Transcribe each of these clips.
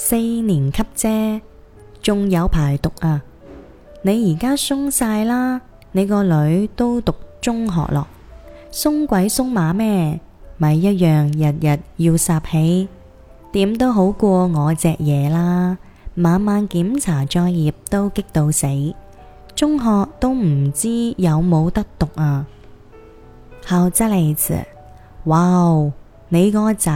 四年級啫，仲有排讀啊！你而家鬆晒啦，你個女都讀中學咯，鬆鬼鬆馬咩？咪一樣日日要霎氣，點都好過我隻嘢啦。晚晚檢查作業都激到死，中學都唔知有冇得讀啊！后真嚟自，哇你個仔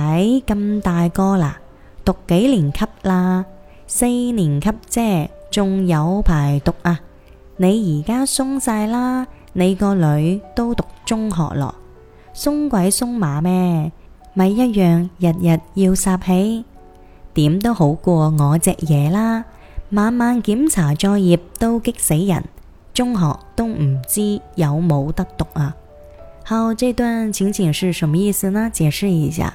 咁大個啦！讀幾年級啦？四年級啫，仲有排讀啊！你而家鬆晒啦，你個女都讀中學咯，鬆鬼鬆馬咩？咪一樣日日要霎氣，點都好過我隻嘢啦。晚晚檢查作業都激死人，中學都唔知有冇得讀啊！好，這段情景是什麼意思呢？解釋一下。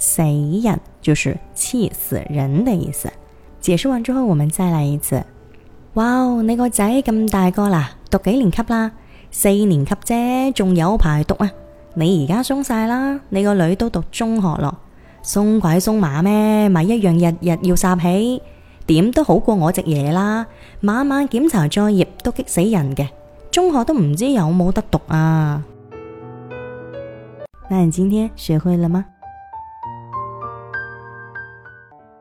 死人就是氣死人的意思。解釋完之後，我們再來一次。哇，你個仔咁大個啦，讀幾年級啦？四年級啫，仲有排讀啊。你而家鬆晒啦？你個女都讀中學咯。鬆鬼鬆馬咩？咪一樣日日要霎氣，點都好過我隻嘢啦。晚晚檢查作業都激死人嘅，中學都唔知有冇得讀啊？那你今天學會了嗎？